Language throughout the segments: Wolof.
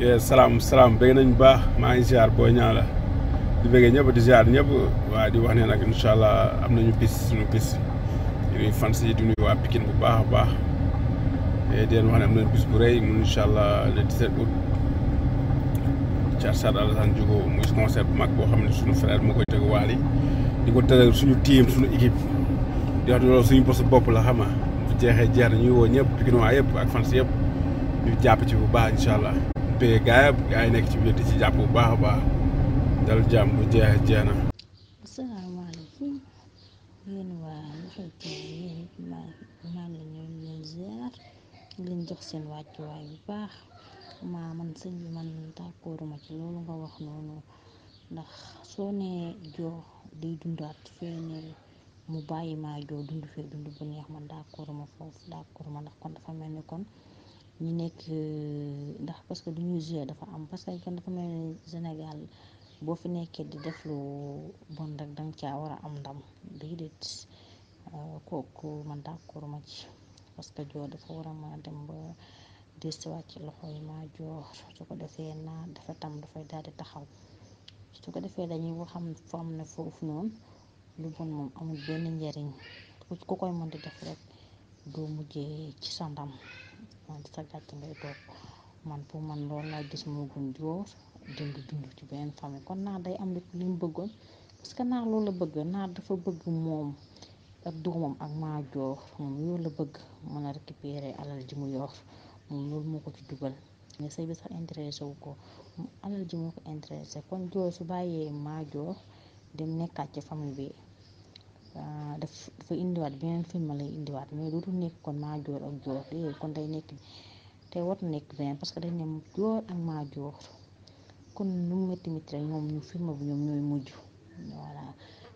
salaam salaam bëgg nañ baax maa ngi ziar booy ñaa la di bëggee ñëpp di ziar ñëpp waa di wax ne nag incha allah am nañu bis suñu bis di nuyu fans yi di nuyu waa Pikine bu baax a baax di leen wax ne am nañu bis bu rëy mun incha allah le set août Thiat Sarr Alassane Diogo muy concert bu mag boo xam ne suñu frère moo koy tëgg waal di ko tëgg suñu team suñu équipe di wax loolu suñu bos bopp la xam nga bu jeexee jeex na ñuy woo ñëpp Pikinois yëpp ak fans yëpp ñu jàpp ci bu baax incha allah. jàppee gaayam gaa yi nekk ci biir di ci jàpp bu baax a baax dal jàmm bu jeex jeex na. leen jox seen wàccuwaay bu baax maa man sëñ bi man d'accorduma ci loolu nga wax noonu ndax soo nee joo day dundaat fee ne mu bàyyi maa joo dund fee dund bu neex man d'accorduma foofu d'accorduma ndax kon dafa mel ni kon. ñu nekk ndax parce que du ñuy joué dafa am parce kenn dafa mel ni Sénégal boo fi nekkee di def lu bon rek danga caa war a am ndam déedéet euh, kooku man d'accord ma ci parce que joor dafa war a ma dem ba desiwaat ci loxo yi maa joor su ko defee naa dafa tam dafay daal di taxaw su ko defee dañuy waxam xam foo xam foofu noonu lu bon moom amul benn njariñ ku koy mën di def rek doo mujjee ci sa ndam. man sa gàcc ngay toog man pour man loolu laa gis moo gën joo dund dund ci benn famille kon naa day am li mu bëggoon parce que naar loolu la bëgg naar dafa bëgg moom ak doomam ak maa joor moom loolu la bëgg mën a récupérer alal ji mu yor moom loolu moo ko ci dugal nga sëy bi sax intéressé wu ko alal ji moo ko intéressé kon joor su bàyyee maa dem nekkaat ci famille bi daf dafa indiwaat beneen film lay indiwaat mais dootul nekk kon Madior ak Dior déedéet kon day nekk te war na nekk beneen parce que dañ ne Dior ak Madior kon lu mu métti métti ñu film bi ñoom ñooy mujj voilà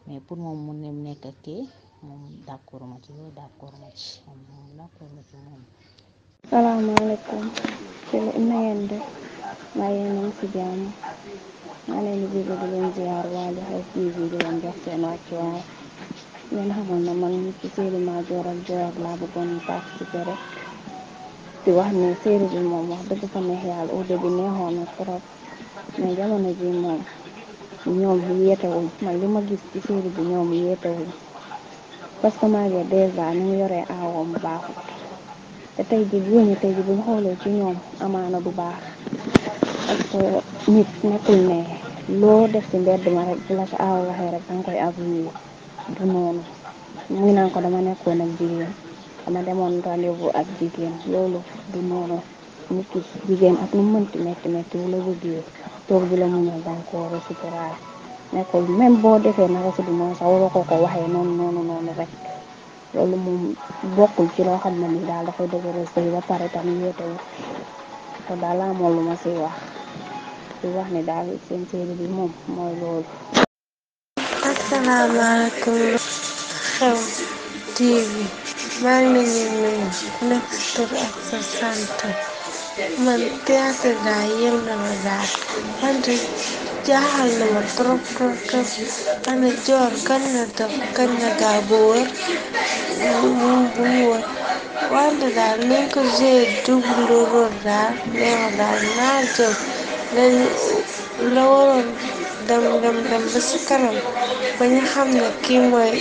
mais pour moom mu nekk ak moom d' ci loolu d' ci moom moom d' ci moom. leen xamal na man ci série Madior ak Joor laa bëggoon participer rek di wax ne série bi moom wax dëgg fa neex yàlla au début neexoon na trop mais jamono ji moom ñoom li ma gis ci série bi ñoom yeetewuñ parce que Madior dèjà ni mu yoree aawoom baaxut te tey ji góor ñi tey ji buñ xoolee ci ñoom amaana du baax parce que nit nekkul ne loo def ci mbedd ma rek la ko aaw waxee rek danga koy avouer du noonu ñu ngi naan ko dama nekkoon ak jigéen dama demoon rendez-vous ak jigéen loolu du noonu nit ki jigéen ak nu mu mënti métti bu la bëggee toog bi la muñal da nga koo récupérer nekkul même boo defee naka si du noonu sax waroo ko ko waxee noonu noonu noonu rek loolu moom bokkul ci loo xam ne ni daal dafay dëgëral sëy ba pare tamit yéete wu ko daal laa moom lu ma si wax di wax ni daal seen série bi moom mooy loolu salaamaaleykum lu xew TV maa ngi leen nekk tur ak sa man théâtre daal na ma daal wante jaaxal na ma trop trop trop ana joor kan na def kan na gaaw ba wër bu mu wër wante daal nañ ko jouer double rôle daal nee dem dem dem ba si kanam ba ñu xam ne kii mooy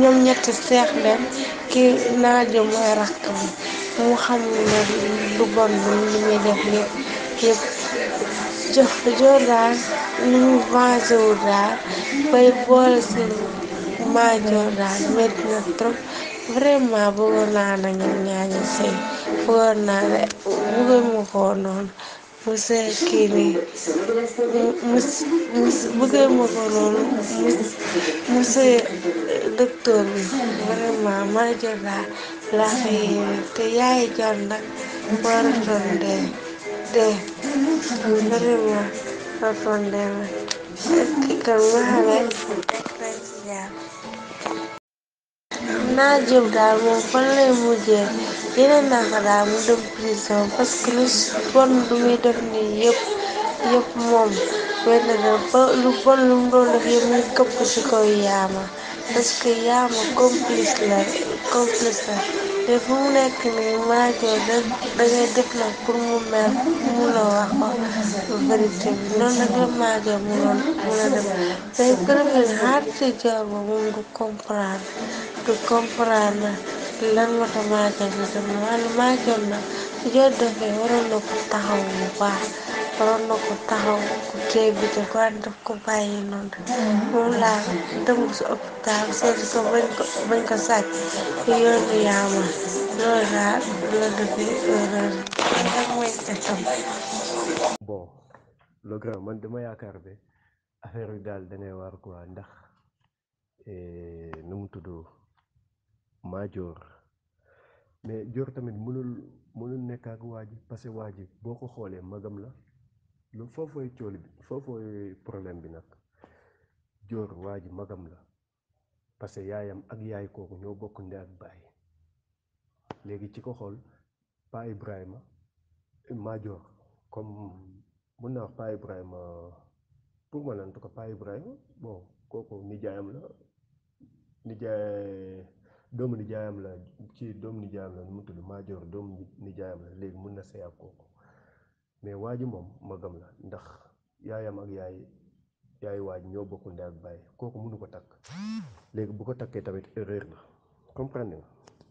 ñoom ñetti seex leen kii naajo mooy rakk bi mu xam ne lu bon bi li ñuy yëpp jox jox mu vengé wu daal bay boole seen maajoor daal métti na trop vraiment bëggoon naa na ñoom ñaañu sëy bëggoon naa ne bëggoon ma ko noonu mos eh, a kii nii ma ko loolu monsieur docteur bi vraiment maa jël laa laa koy te yaay jàll nag waratoon dee dee vraiment waratoon ma kan ma xamee naa jëm daal moom fan lay mujjee. yeneen naka daal mu dem prison parce que lu bon lu muy def nii yëpp yëpp moom wenn ba lu bon lu mu doon def yëpp ñu këpp ci kaw yaama parce que yaama complice la te fu mu nekk nii maajoo dangay def nag pour mu mer mu la wax ko vérité bi noonu nag maajoo mu noon def tey premier xaar ci joor ba moom du comprendre du comprendre lan moo tax màggal bi jot na wàllu màggal nag su jot waroon na ko taxaw baax waroon na ko taxaw ku tee bi te ko daf ko bàyyi noonu moom laa dem ko bañ ko bañ ko sàcc yaama loolu daal la defee dama yaakaar ne affaire bi daal da ngay war quoi ndax nu tudd maajoor mais joor tamit mënul mënul nekk ak waa ji parce que waa ji boo ko xoolee magam la lu foofooy cool bi foofooy problème bi nag joor waa ji magam la parce que yaayam ak yaay kooku ñoo bokk ndey ak baay léegi ci ko xool Pa Ibrahima maajoor comme mun naa wax Pa Ibrahima pour man en tout cas Ibrahima bon kooku nijaayam la nijaay doomu nijaayam la ci doomu nijaayam la nu mu tudd maajoor doomu nijaayam la léegi mun na sëy ak kooku mais waa ji moom magam la ndax yaayam ak yaay yaay waaj ñoo bokk ndey ak baay kooku mënu ko takk léegi bu ko takkee tamit erreur la comprendre nga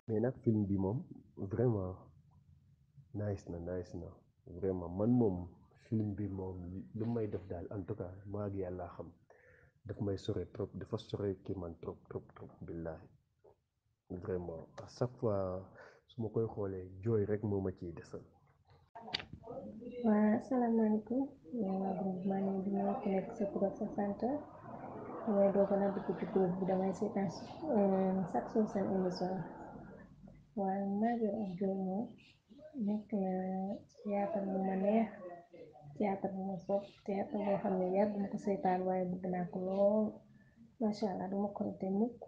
mais nag film bi moom vraiment nice na nice na vraiment man moom film bi moom lu may def daal en tout cas maa ngi yàlla xam daf may sore trop dafa sore kii man trop trop trop billahi vraiment à chaque fois su ma koy xoolee jooy rek moo ma ciy desal. waaw asalaamaaleykum maa ngi di nuyu ku nekk sa tur ak sa sant mooy doog a dugg ci groupe bi damay seetaan euh, chaque jour seen émission waaye naajoo jooy moom nekk na théâtre bu ma neex théâtre bu ma sopp théâtre boo xam ne yàgg ma ko seetaan waaye bëgg naa ko lool macha duma ko rate mukk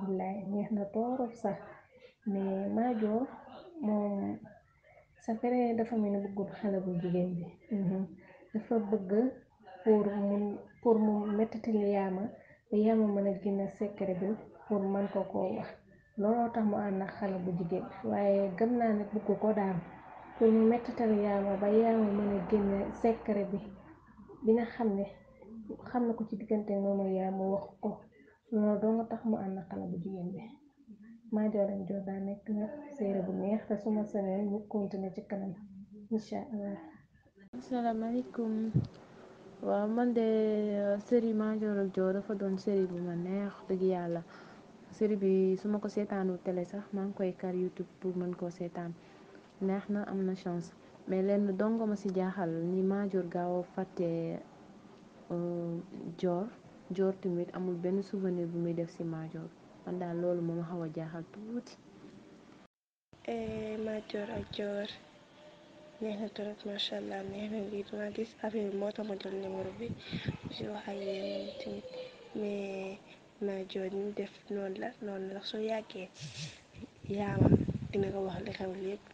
billaay neex na torop sax mais maajoor moom sa fere dafa mel ni xale bu jigéen bi dafa bëgg pour mu pour mu mettitil yaama ba yaama mën a génne secret bi pour man ko koo wax looloo tax mu ànd ak xale bu jigéen waaye gëm naa ne bëgg ko daal pour mu mettital yaama ba yaama mën a génne secret bi bi xam ne xam na ko ci diggante moom ak yaama wax ko loolu doo tax mu ànd xale bu jigéen bi Madior Diop daa nekk na bu neex te suma seneen mu continuer ci kanam incha allah. asalaamaaleykum waaw man de euh, série Madior Diop dafa doon série ma neex dëgg yàlla série bi su ma ko seetaanul télé sax maa ngi koy kar YouTube pour mën koo seetaan neex na am na chance mais lenn dongo ma si jaaxal ni Madior gaaw fàtte joor euh, Dior tamit amul benn souvenir bu muy def si Madior man daal loolu moom xaw a jaaxal tuuti. Eh, Madior ak Dior neex na trop macha allah neex na lii dama gis affaire moo tax ma jël numéro bi si wax ak yéen def noonu la noonu la soo yàggee yaama dina ko wax li xew lépp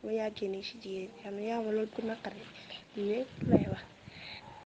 boo yàggee nii si jigéen xam ne yaama loolu bu naqari lépp lay wax.